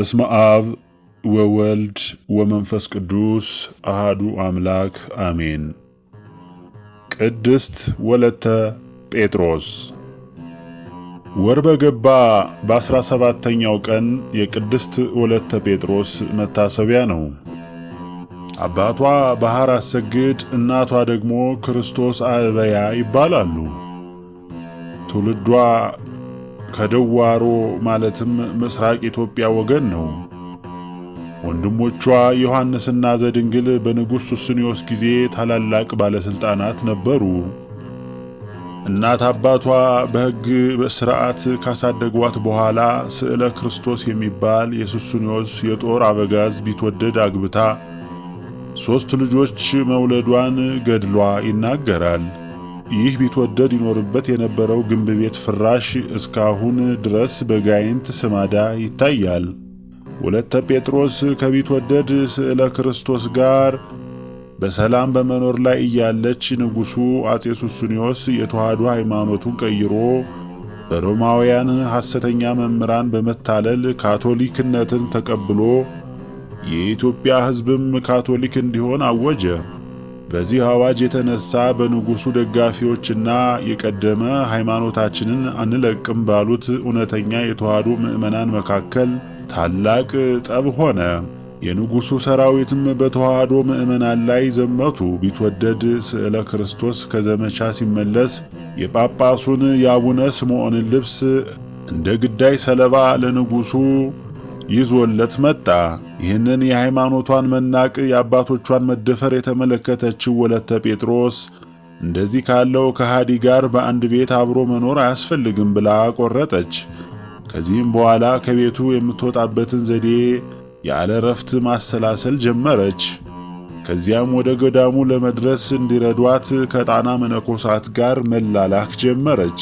በስመ አብ ወወልድ ወመንፈስ ቅዱስ አሃዱ አምላክ አሜን። ቅድስት ወለተ ጴጥሮስ። ወር በገባ በአስራ ሰባተኛው ቀን የቅድስት ወለተ ጴጥሮስ መታሰቢያ ነው። አባቷ ባሕር አሰግድ፣ እናቷ ደግሞ ክርስቶስ አበያ ይባላሉ። ትውልዷ ከደዋሮ ማለትም ምስራቅ ኢትዮጵያ ወገን ነው። ወንድሞቿ ዮሐንስና ዘድንግል በንጉሥ ሱስንዮስ ጊዜ ታላላቅ ባለሥልጣናት ነበሩ። እናት አባቷ በሕግ በሥርዓት ካሳደጓት በኋላ ስዕለ ክርስቶስ የሚባል የሱስንዮስ የጦር አበጋዝ ቢትወደድ አግብታ ሦስት ልጆች መውለዷን ገድሏ ይናገራል። ይህ ቢትወደድ ይኖርበት የነበረው ግንብ ቤት ፍራሽ እስካሁን ድረስ በጋይንት ስማዳ ይታያል። ሁለተ ጴጥሮስ ከቢትወደድ ስዕለ ክርስቶስ ጋር በሰላም በመኖር ላይ እያለች ንጉሡ አጼ ሱስንዮስ የተዋሕዶ ሃይማኖቱን ቀይሮ በሮማውያን ሐሰተኛ መምህራን በመታለል ካቶሊክነትን ተቀብሎ የኢትዮጵያ ሕዝብም ካቶሊክ እንዲሆን አወጀ። በዚህ አዋጅ የተነሳ በንጉሱ ደጋፊዎችና የቀደመ ሃይማኖታችንን አንለቅም ባሉት እውነተኛ የተዋህዶ ምዕመናን መካከል ታላቅ ጠብ ሆነ። የንጉሱ ሰራዊትም በተዋህዶ ምዕመናን ላይ ዘመቱ። ቢትወደድ ስዕለ ክርስቶስ ከዘመቻ ሲመለስ የጳጳሱን የአቡነ ስምዖንን ልብስ እንደ ግዳይ ሰለባ ለንጉሱ ይዞለት መጣ። ይህንን የሃይማኖቷን መናቅ፣ የአባቶቿን መደፈር የተመለከተችው ወለተ ጴጥሮስ እንደዚህ ካለው ከሃዲ ጋር በአንድ ቤት አብሮ መኖር አያስፈልግም ብላ ቆረጠች። ከዚህም በኋላ ከቤቱ የምትወጣበትን ዘዴ ያለ ረፍት ማሰላሰል ጀመረች። ከዚያም ወደ ገዳሙ ለመድረስ እንዲረዷት ከጣና መነኮሳት ጋር መላላክ ጀመረች።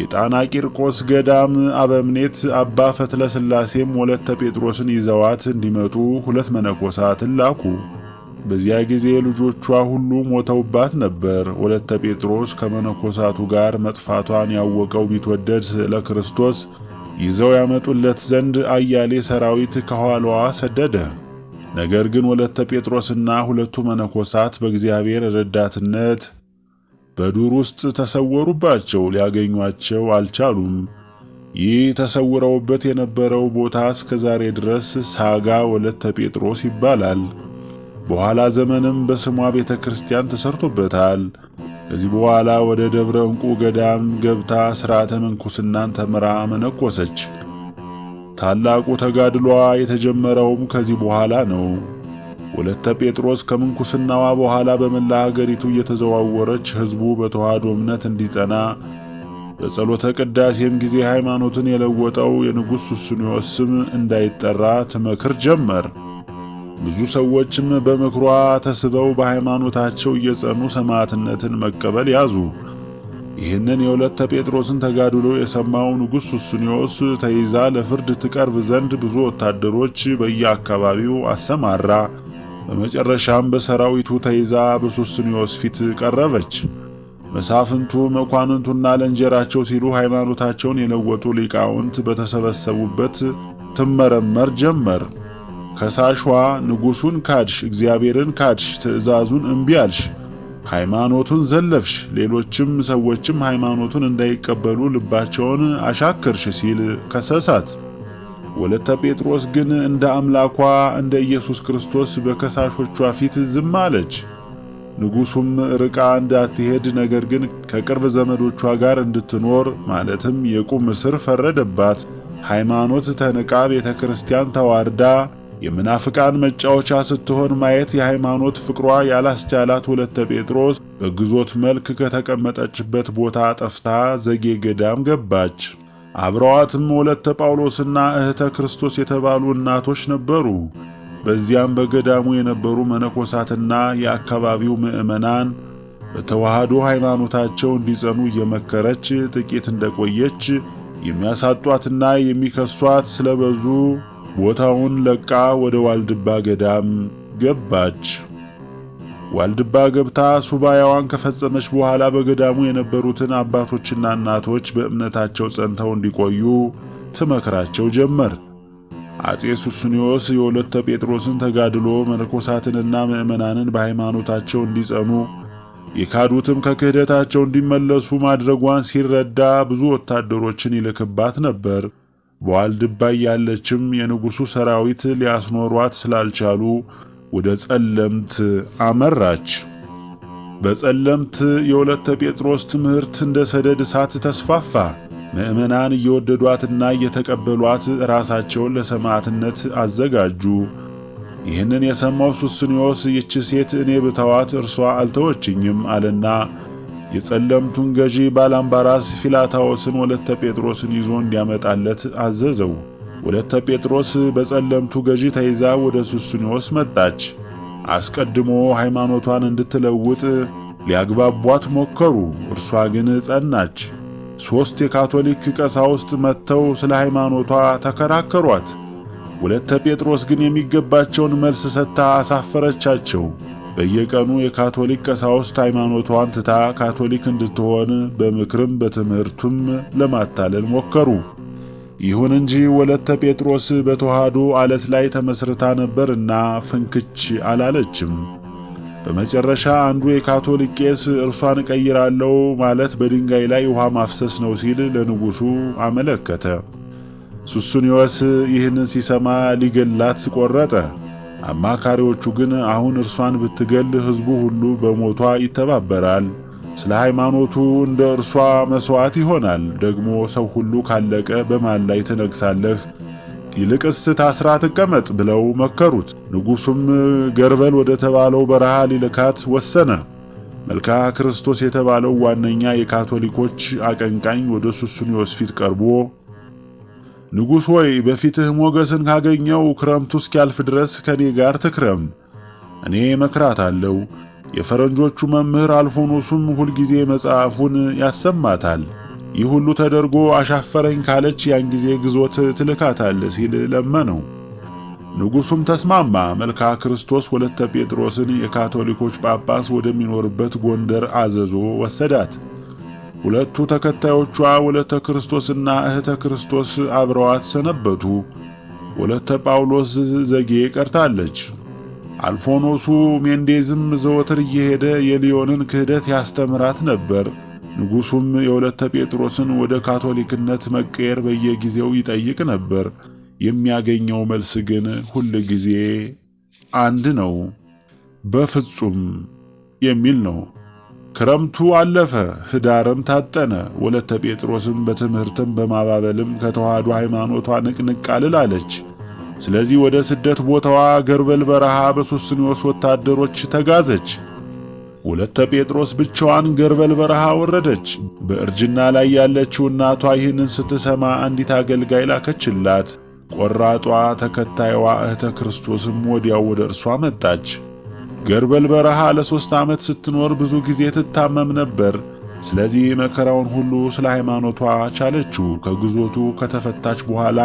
የጣና ቂርቆስ ገዳም አበምኔት አባ ፈትለስላሴም ወለተ ጴጥሮስን ይዘዋት እንዲመጡ ሁለት መነኮሳትን ላኩ። በዚያ ጊዜ ልጆቿ ሁሉ ሞተውባት ነበር። ወለተ ጴጥሮስ ከመነኮሳቱ ጋር መጥፋቷን ያወቀው ቢትወደድ ለክርስቶስ ይዘው ያመጡለት ዘንድ አያሌ ሰራዊት ከኋላዋ ሰደደ። ነገር ግን ወለተ ጴጥሮስና ሁለቱ መነኮሳት በእግዚአብሔር ረዳትነት በዱር ውስጥ ተሰወሩባቸው፣ ሊያገኟቸው አልቻሉም። ይህ ተሰውረውበት የነበረው ቦታ እስከ ዛሬ ድረስ ሳጋ ወለተ ጴጥሮስ ይባላል። በኋላ ዘመንም በስሟ ቤተ ክርስቲያን ተሰርቶበታል። ከዚህ በኋላ ወደ ደብረ ዕንቁ ገዳም ገብታ ሥርዓተ ምንኩስናን ተምራ መነኮሰች። ታላቁ ተጋድሏ የተጀመረውም ከዚህ በኋላ ነው። ሁለተ ጴጥሮስ ከምንኩስናዋ በኋላ በመላ ሀገሪቱ እየተዘዋወረች ሕዝቡ በተዋህዶ እምነት እንዲጸና በጸሎተ ቅዳሴም ጊዜ ሃይማኖትን የለወጠው የንጉሥ ሱስንዮስ ስም እንዳይጠራ ትመክር ጀመር። ብዙ ሰዎችም በምክሯ ተስበው በሃይማኖታቸው እየጸኑ ሰማዕትነትን መቀበል ያዙ። ይህንን የሁለተ ጴጥሮስን ተጋድሎ የሰማው ንጉሥ ሱስንዮስ ተይዛ ለፍርድ ትቀርብ ዘንድ ብዙ ወታደሮች በየአካባቢው አሰማራ። በመጨረሻም በሰራዊቱ ተይዛ በሱስንዮስ ፊት ቀረበች። መሳፍንቱ መኳንንቱና ለእንጀራቸው ሲሉ ሃይማኖታቸውን የለወጡ ሊቃውንት በተሰበሰቡበት ትመረመር ጀመር። ከሳሿ ንጉሡን ካድሽ፣ እግዚአብሔርን ካድሽ፣ ትእዛዙን እምቢ አልሽ፣ ሃይማኖቱን ዘለፍሽ፣ ሌሎችም ሰዎችም ሃይማኖቱን እንዳይቀበሉ ልባቸውን አሻክርሽ ሲል ከሰሳት። ወለተ ጴጥሮስ ግን እንደ አምላኳ እንደ ኢየሱስ ክርስቶስ በከሳሾቿ ፊት ዝም አለች። ንጉሡም ርቃ እንዳትሄድ ነገር ግን ከቅርብ ዘመዶቿ ጋር እንድትኖር ማለትም የቁም እስር ፈረደባት። ሃይማኖት ተንቃ ቤተ ክርስቲያን ተዋርዳ የምናፍቃን መጫወቻ ስትሆን ማየት የሃይማኖት ፍቅሯ ያላስቻላት ወለተ ጴጥሮስ በግዞት መልክ ከተቀመጠችበት ቦታ ጠፍታ ዘጌ ገዳም ገባች። አብረዋትም ወለተ ጳውሎስና እህተ ክርስቶስ የተባሉ እናቶች ነበሩ። በዚያም በገዳሙ የነበሩ መነኮሳትና የአካባቢው ምእመናን በተዋህዶ ሃይማኖታቸው እንዲጸኑ እየመከረች ጥቂት እንደቆየች የሚያሳጧትና የሚከሷት ስለበዙ ቦታውን ለቃ ወደ ዋልድባ ገዳም ገባች። ዋልድባ ገብታ ሱባያዋን ከፈጸመች በኋላ በገዳሙ የነበሩትን አባቶችና እናቶች በእምነታቸው ጸንተው እንዲቆዩ ትመክራቸው ጀመር። አጼ ሱስኒዮስ የወለተ ጴጥሮስን ተጋድሎ መነኮሳትንና ምዕመናንን በሃይማኖታቸው እንዲጸኑ የካዱትም ከክህደታቸው እንዲመለሱ ማድረጓን ሲረዳ ብዙ ወታደሮችን ይልክባት ነበር። በዋልድባ ያለችም የንጉሡ ሰራዊት ሊያስኖሯት ስላልቻሉ ወደ ጸለምት አመራች። በጸለምት የሁለተ ጴጥሮስ ትምህርት እንደ ሰደድ እሳት ተስፋፋ። ምእመናን እየወደዷትና እየተቀበሏት ራሳቸውን ለሰማዕትነት አዘጋጁ። ይህንን የሰማው ሱስንዮስ ይቺ ሴት እኔ ብተዋት እርሷ አልተወችኝም አለና የጸለምቱን ገዢ ባላምባራስ ፊላታዎስን ወለተ ጴጥሮስን ይዞ እንዲያመጣለት አዘዘው። ወለተ ጴጥሮስ በጸለምቱ ገዢ ተይዛ ወደ ሱስንዮስ መጣች። አስቀድሞ ሃይማኖቷን እንድትለውጥ ሊያግባቧት ሞከሩ። እርሷ ግን ጸናች። ሦስት የካቶሊክ ቀሳውስት መጥተው ስለ ሃይማኖቷ ተከራከሯት። ወለተ ጴጥሮስ ግን የሚገባቸውን መልስ ሰጥታ አሳፈረቻቸው። በየቀኑ የካቶሊክ ቀሳውስት ሃይማኖቷን ትታ ካቶሊክ እንድትሆን በምክርም በትምህርቱም ለማታለል ሞከሩ። ይሁን እንጂ ወለተ ጴጥሮስ በተዋህዶ አለት ላይ ተመስርታ ነበርና ፍንክች አላለችም። በመጨረሻ አንዱ የካቶሊክ ቄስ እርሷን እቀይራለሁ ማለት በድንጋይ ላይ ውሃ ማፍሰስ ነው ሲል ለንጉሡ አመለከተ። ሱሱንዮስ ይህንን ሲሰማ ሊገላት ቆረጠ። አማካሪዎቹ ግን አሁን እርሷን ብትገል ሕዝቡ ሁሉ በሞቷ ይተባበራል ስለ ሃይማኖቱ እንደ እርሷ መሥዋዕት ይሆናል። ደግሞ ሰው ሁሉ ካለቀ በማን ላይ ትነግሳለህ? ይልቅስ ታስራ ትቀመጥ ብለው መከሩት። ንጉሡም ገርበል ወደ ተባለው በረሃ ሊልካት ወሰነ። መልካ ክርስቶስ የተባለው ዋነኛ የካቶሊኮች አቀንቃኝ ወደ ሱስንዮስ ፊት ቀርቦ ንጉሥ ሆይ በፊትህ ሞገስን ካገኘው ክረምቱ እስኪያልፍ ድረስ ከኔ ጋር ትክረም፣ እኔ መክራት አለው የፈረንጆቹ መምህር አልፎኖሱም ሁልጊዜ መጽሐፉን ያሰማታል። ይህ ሁሉ ተደርጎ አሻፈረኝ ካለች ያን ጊዜ ግዞት ትልካታል ሲል ለመነው። ንጉሡም ተስማማ። መልካ ክርስቶስ ወለተ ጴጥሮስን የካቶሊኮች ጳጳስ ወደሚኖርበት ጎንደር አዘዞ ወሰዳት። ሁለቱ ተከታዮቿ ወለተ ክርስቶስና እህተ ክርስቶስ አብረዋት ሰነበቱ። ወለተ ጳውሎስ ዘጌ ቀርታለች። አልፎኖሱ ሜንዴዝም ዘወትር እየሄደ የሊዮንን ክህደት ያስተምራት ነበር። ንጉሡም የወለተ ጴጥሮስን ወደ ካቶሊክነት መቀየር በየጊዜው ይጠይቅ ነበር። የሚያገኘው መልስ ግን ሁል ጊዜ አንድ ነው፣ በፍጹም የሚል ነው። ክረምቱ አለፈ፣ ህዳርም ታጠነ። ወለተ ጴጥሮስም በትምህርትም በማባበልም ከተዋህዶ ሃይማኖቷ ንቅንቅ አልላለች። ስለዚህ ወደ ስደት ቦታዋ ገርበል በረሃ በሶስኒዮስ ወታደሮች ተጋዘች። ሁለተ ጴጥሮስ ብቻዋን ገርበል በረሃ ወረደች። በእርጅና ላይ ያለችው እናቷ ይህንን ስትሰማ አንዲት አገልጋይ ላከችላት። ቆራጧ ተከታይዋ እህተ ክርስቶስም ወዲያው ወደ እርሷ መጣች። ገርበል በረሃ ለሦስት ዓመት ስትኖር ብዙ ጊዜ ትታመም ነበር። ስለዚህ መከራውን ሁሉ ስለ ሃይማኖቷ ቻለችው። ከግዞቱ ከተፈታች በኋላ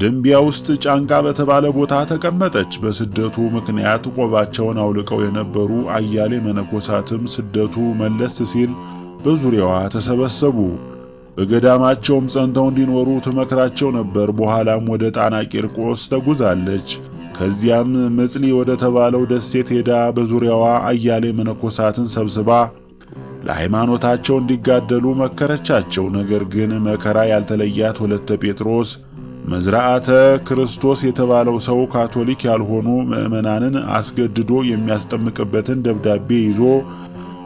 ደንቢያ ውስጥ ጫንቃ በተባለ ቦታ ተቀመጠች። በስደቱ ምክንያት ቆባቸውን አውልቀው የነበሩ አያሌ መነኮሳትም ስደቱ መለስ ሲል በዙሪያዋ ተሰበሰቡ። በገዳማቸውም ጸንተው እንዲኖሩ ትመክራቸው ነበር። በኋላም ወደ ጣና ቂርቆስ ተጉዛለች። ከዚያም መጽሊ ወደ ተባለው ደሴት ሄዳ በዙሪያዋ አያሌ መነኮሳትን ሰብስባ ለሃይማኖታቸው እንዲጋደሉ መከረቻቸው። ነገር ግን መከራ ያልተለያት ሁለተ ጴጥሮስ መዝራአተ ክርስቶስ የተባለው ሰው ካቶሊክ ያልሆኑ ምዕመናንን አስገድዶ የሚያስጠምቅበትን ደብዳቤ ይዞ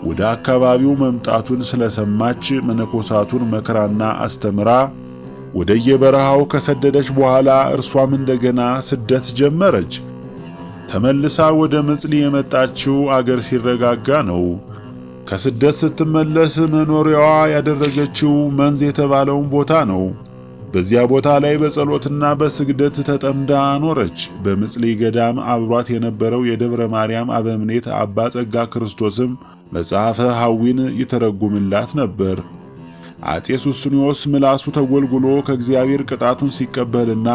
ወደ አካባቢው መምጣቱን ስለሰማች መነኮሳቱን መክራና አስተምራ ወደየበረሃው ከሰደደች በኋላ እርሷም እንደገና ስደት ጀመረች። ተመልሳ ወደ ምጽሊ የመጣችው አገር ሲረጋጋ ነው። ከስደት ስትመለስ መኖሪያዋ ያደረገችው መንዝ የተባለውን ቦታ ነው። በዚያ ቦታ ላይ በጸሎትና በስግደት ተጠምዳ ኖረች። በምጽሊ ገዳም አብሯት የነበረው የደብረ ማርያም አበምኔት አባ ጸጋ ክርስቶስም መጽሐፈ ሐዊን ይተረጉምላት ነበር። አጼ ሱስንዮስ ምላሱ ተጎልጉሎ ከእግዚአብሔር ቅጣቱን ሲቀበልና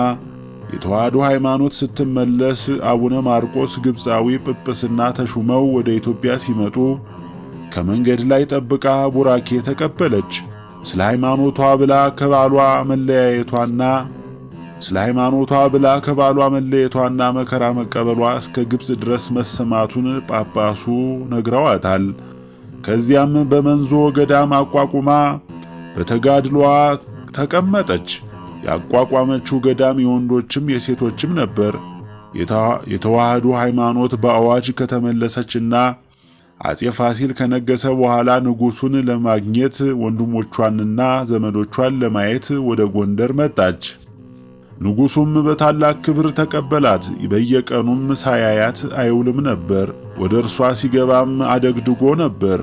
የተዋሕዶ ሃይማኖት ስትመለስ አቡነ ማርቆስ ግብፃዊ ጵጵስና ተሹመው ወደ ኢትዮጵያ ሲመጡ ከመንገድ ላይ ጠብቃ ቡራኬ ተቀበለች። ስለ ሃይማኖቷ ብላ ከባሏ መለያየቷና ስለ ሃይማኖቷ ብላ ከባሏ መለየቷና መከራ መቀበሏ እስከ ግብፅ ድረስ መሰማቱን ጳጳሱ ነግረዋታል። ከዚያም በመንዞ ገዳም አቋቁማ በተጋድሏ ተቀመጠች። ያቋቋመችው ገዳም የወንዶችም የሴቶችም ነበር። የተዋህዶ ሃይማኖት በአዋጅ ከተመለሰችና አጼ ፋሲል ከነገሰ በኋላ ንጉሱን ለማግኘት ወንድሞቿንና ዘመዶቿን ለማየት ወደ ጎንደር መጣች። ንጉሱም በታላቅ ክብር ተቀበላት። በየቀኑም ሳያያት አይውልም ነበር። ወደ እርሷ ሲገባም አደግድጎ ነበር።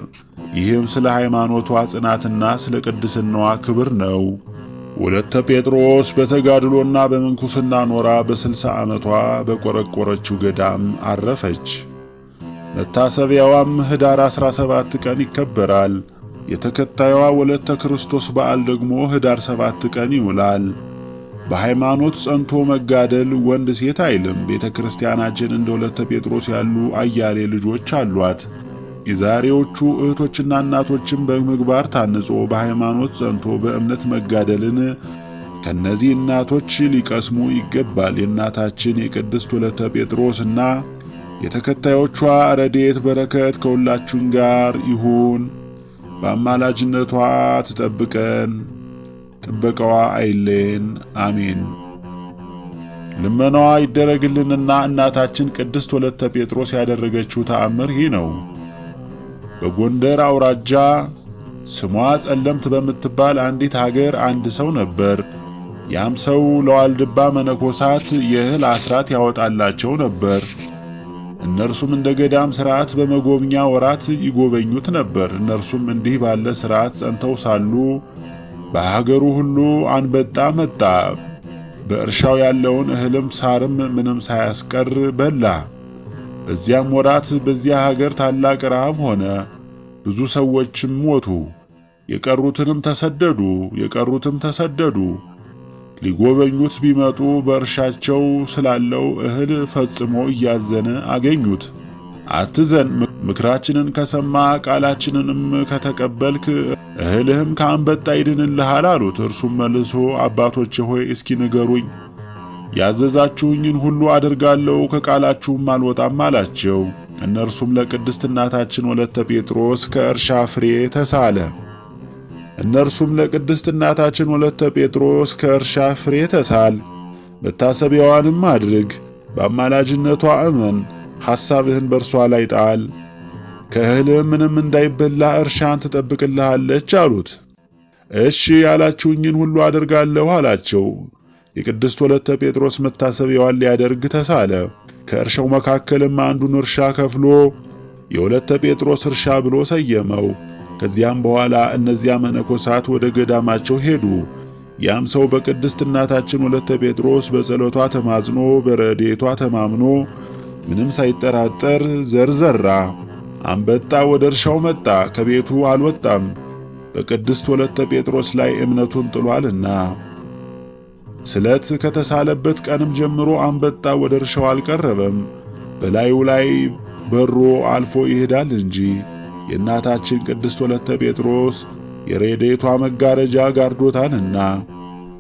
ይህም ስለ ሃይማኖቷ ጽናትና ስለ ቅድስናዋ ክብር ነው። ወለተ ጴጥሮስ በተጋድሎና በምንኩስና ኖራ በስልሳ ዓመቷ በቆረቆረችው ገዳም አረፈች። መታሰቢያዋም ኅዳር 17 ቀን ይከበራል። የተከታዩዋ ወለተ ክርስቶስ በዓል ደግሞ ኅዳር 7 ቀን ይውላል። በሃይማኖት ጸንቶ መጋደል ወንድ ሴት አይልም። ቤተ ክርስቲያናችን እንደ ወለተ ጴጥሮስ ያሉ አያሌ ልጆች አሏት። የዛሬዎቹ እህቶችና እናቶችም በምግባር ታንጾ በሃይማኖት ጸንቶ በእምነት መጋደልን ከነዚህ እናቶች ሊቀስሙ ይገባል። የእናታችን የቅድስት ወለተ ጴጥሮስና የተከታዮቿ ረድኤት በረከት ከሁላችን ጋር ይሁን። በአማላጅነቷ ትጠብቀን፣ ጥበቃዋ አይለየን። አሜን። ልመናዋ ይደረግልንና እናታችን ቅድስት ወለተ ጴጥሮስ ያደረገችው ተአምር ይህ ነው። በጎንደር አውራጃ ስሟ ጸለምት በምትባል አንዲት ሀገር አንድ ሰው ነበር። ያም ሰው ለዋልድባ መነኮሳት የእህል አስራት ያወጣላቸው ነበር። እነርሱም እንደ ገዳም ሥርዓት በመጎብኛ ወራት ይጎበኙት ነበር። እነርሱም እንዲህ ባለ ሥርዓት ጸንተው ሳሉ በሀገሩ ሁሉ አንበጣ መጣ። በእርሻው ያለውን እህልም ሳርም ምንም ሳያስቀር በላ። በዚያም ወራት በዚያ ሀገር ታላቅ ረሃብ ሆነ። ብዙ ሰዎችም ሞቱ። የቀሩትንም ተሰደዱ የቀሩትም ተሰደዱ ሊጎበኙት ቢመጡ በእርሻቸው ስላለው እህል ፈጽሞ እያዘነ አገኙት። አትዘን፣ ምክራችንን ከሰማ ቃላችንንም ከተቀበልክ እህልህም ከአንበጣ ይድንልሃል አሉት። እርሱም መልሶ አባቶች ሆይ እስኪ ንገሩኝ፣ ያዘዛችሁኝን ሁሉ አድርጋለሁ ከቃላችሁም አልወጣም አላቸው። እነርሱም ለቅድስት እናታችን ወለተ ጴጥሮስ ከእርሻ ፍሬ ተሳለ። እነርሱም ለቅድስት እናታችን ወለተ ጴጥሮስ ከእርሻ ፍሬ ተሳል፣ መታሰቢያዋንም አድርግ፣ በአማላጅነቷ እመን፣ ሐሳብህን በእርሷ ላይ ጣል፣ ከእህልህም ምንም እንዳይበላ እርሻን ትጠብቅልሃለች አሉት። እሺ ያላችሁኝን ሁሉ አደርጋለሁ አላቸው። የቅድስት ወለተ ጴጥሮስ መታሰቢያዋን ሊያደርግ ተሳለ። ከእርሻው መካከልም አንዱን እርሻ ከፍሎ የወለተ ጴጥሮስ እርሻ ብሎ ሰየመው። ከዚያም በኋላ እነዚያ መነኮሳት ወደ ገዳማቸው ሄዱ። ያም ሰው በቅድስት እናታችን ወለተ ጴጥሮስ በጸሎቷ ተማዝኖ በረዴቷ ተማምኖ ምንም ሳይጠራጠር ዘርዘራ። አንበጣ ወደ እርሻው መጣ፣ ከቤቱ አልወጣም፣ በቅድስት ወለተ ጴጥሮስ ላይ እምነቱን ጥሏልና። ስለት ከተሳለበት ቀንም ጀምሮ አንበጣ ወደ እርሻው አልቀረበም፣ በላዩ ላይ በሮ አልፎ ይሄዳል እንጂ። የእናታችን ቅድስት ወለተ ጴጥሮስ የረድኤቷ መጋረጃ ጋርዶታንና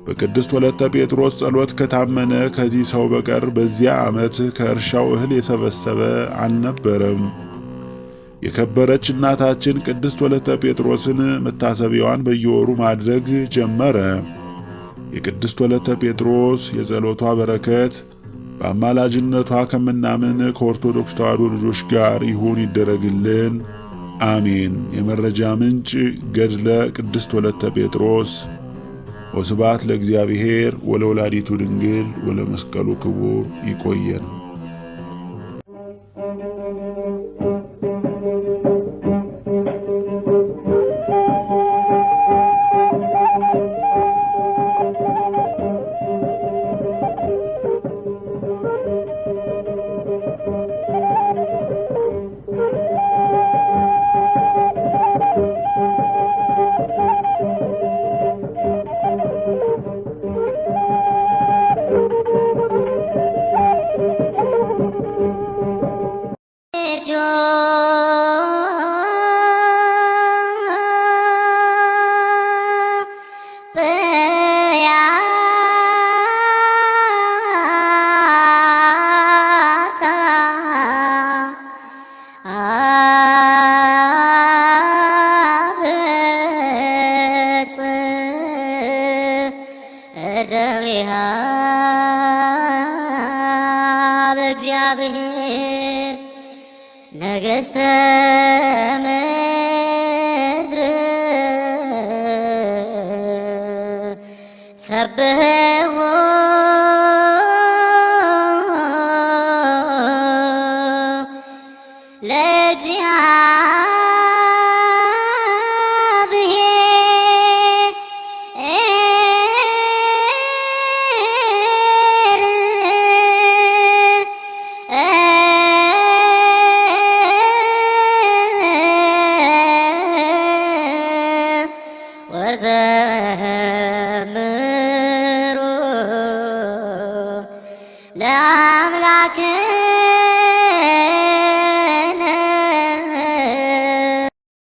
በቅድስት ወለተ ጴጥሮስ ጸሎት ከታመነ ከዚህ ሰው በቀር በዚያ ዓመት ከእርሻው እህል የሰበሰበ አልነበረም። የከበረች እናታችን ቅድስት ወለተ ጴጥሮስን መታሰቢያዋን በየወሩ ማድረግ ጀመረ። የቅድስት ወለተ ጴጥሮስ የጸሎቷ በረከት በአማላጅነቷ ከምናምን ከኦርቶዶክስ ተዋሕዶ ልጆች ጋር ይሁን ይደረግልን። አሜን። የመረጃ ምንጭ ገድለ ቅድስት ወለተ ጴጥሮስ። ወስብሐት ለእግዚአብሔር ወለወላዲቱ ድንግል ወለመስቀሉ ክቡር። ይቆየን።